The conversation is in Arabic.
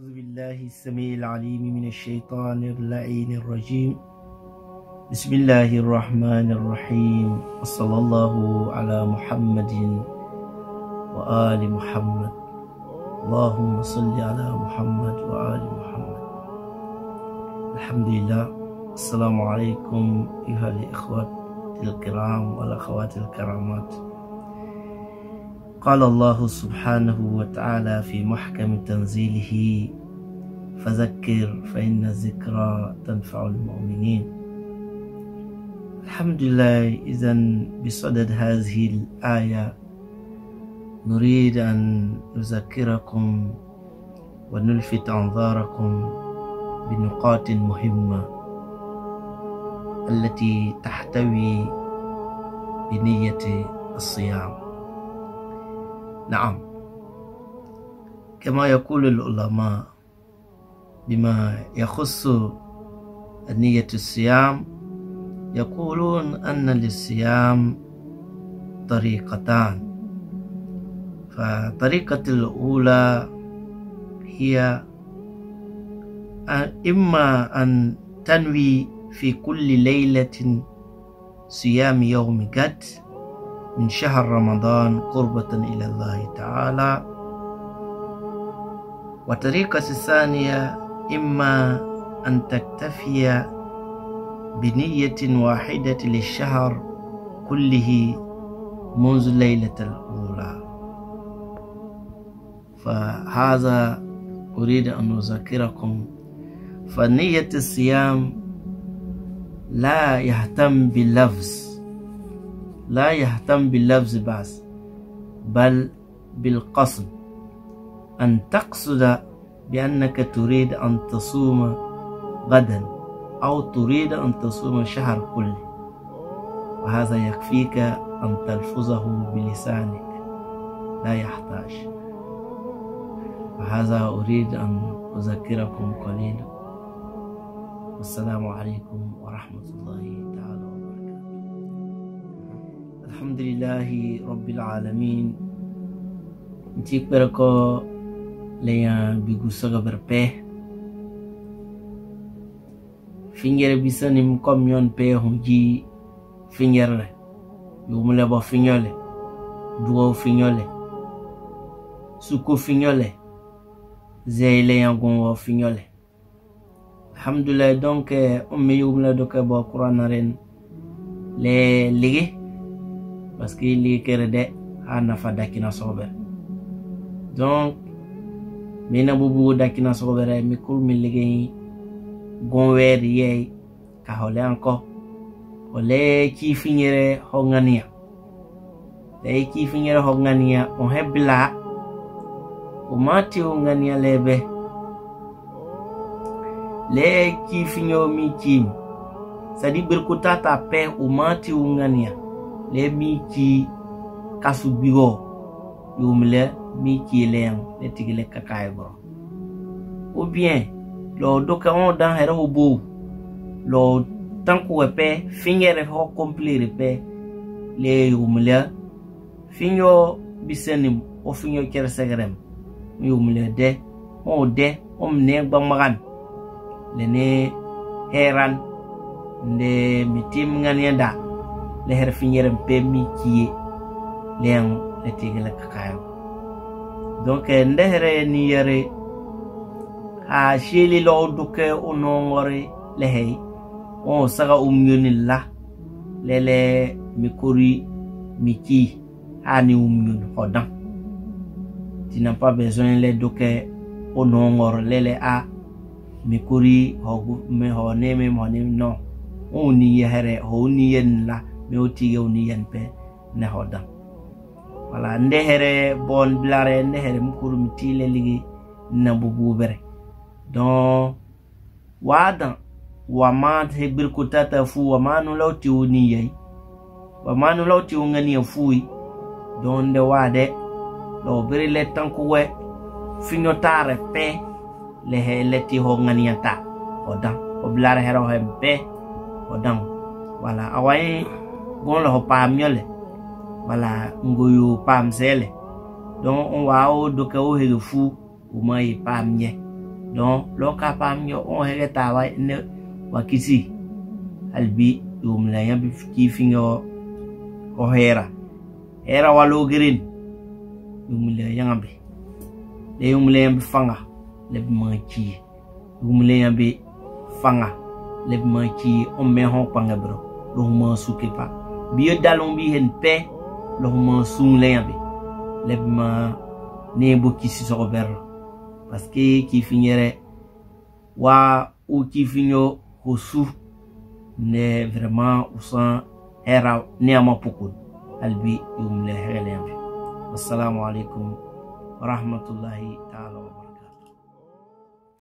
أعوذ بالله السميع العليم من الشيطان اللعين الرجيم بسم الله الرحمن الرحيم وصلى الله على محمد وآل محمد اللهم صل على محمد وآل محمد الحمد لله السلام عليكم أيها الإخوة الكرام والأخوات الكرامات قال الله سبحانه وتعالى في محكم تنزيله فذكر فإن الذكرى تنفع المؤمنين الحمد لله إذا بصدد هذه الآية نريد أن نذكركم ونلفت أنظاركم بنقاط مهمة التي تحتوي بنية الصيام نعم كما يقول العلماء بما يخص نية الصيام يقولون أن للصيام طريقتان فالطريقة الأولى هي إما أن تنوي في كل ليلة صيام يوم قد من شهر رمضان قربة إلى الله تعالى وطريقة الثانية إما أن تكتفي بنية واحدة للشهر كله منذ الليلة الأولى فهذا أريد أن أذكركم فنية الصيام لا يهتم باللفظ لا يهتم باللفظ بس بل بالقصد أن تقصد بأنك تريد أن تصوم غدا أو تريد أن تصوم شهر كله وهذا يكفيك أن تلفظه بلسانك لا يحتاج وهذا أريد أن أذكركم قليلا والسلام عليكم ورحمة الله تعالى alhamdulilahi rabbil alamin jikɓere ko leya bigu sogaber pe fingere bisanim comme yon peehu ji fingerre yumule bo fiñole duwo fiñole sukko fiñole zeyi leya gunwo fiñole alhamdulilahi donc ummi yumule doke bo couranaren le ligue li kere de a fa dakina sɔgɔbɛrɛ donc mina bubu dakina sɔgɔbɛrɛ e, mi kul mi lege gon wɛɛri yɛ ka hɔlɛ anko kɔ ki kifin hongania hɔ ŋaniya lɛ o o ma o mi kim sadi berkuta ta pe o mati le min ki yumle mi min kiileyan le tigile kakai goro ou bien lo document dan hɛrɛ e e ho bowu lo tankuwɛ pɛ fiŋyɛrɛ hɔ komplere pe le yumle fiŋyɔ bisenim o kere segrem yumle de, o de o mine gbamagan le ne heran nde mitim ngani da le her finyeren pemi kiye leyangu le le kakayo donc nde here ni yere ha sheli lo duke unongore le hey o saga umyoni la Le lele mikuri miki hani umyoni hodan tu n'as pas besoin le duke unongore lele a mikuri hogu me ho neme mo nem no o ni yere ho ni yen la mi wotti yewni yen pe nehodam wala ndehere bon bilare ndehere mukuru mi tile ligi nabu bubere don wadan wama hebirkutata fu wamanu lawtiwu niyai wamanu lawtiwu ganiye fuyi don nde wade ɗo biri le tankuwe finotare pe lehe leti ho ganiyata o dan o bilare herohe pe o dan wala awayi voilà. gon lo pam nyole wala ngoyo pam sele don on wa o do ke o hege fu o ma e pam nye don lo ka pam nyo on hege ta wa ne wa kisi albi o mla ya bi ki fingo o hera era wa lo green o mla ya ngambe le o mla ya bi fanga le bi ma ki o mla ya bi fanga le bi ma ki o me hon panga bro lo ma su ke pa Biyo dalon bi hen pe, lo mansoun len be. Lebman, ne bo si soko parce que ki finirait wa ou ki finyo sou ne vraiment ou san era ne ama Albi, yom le hele len assalamu alaikum rahmatullahi ta'ala.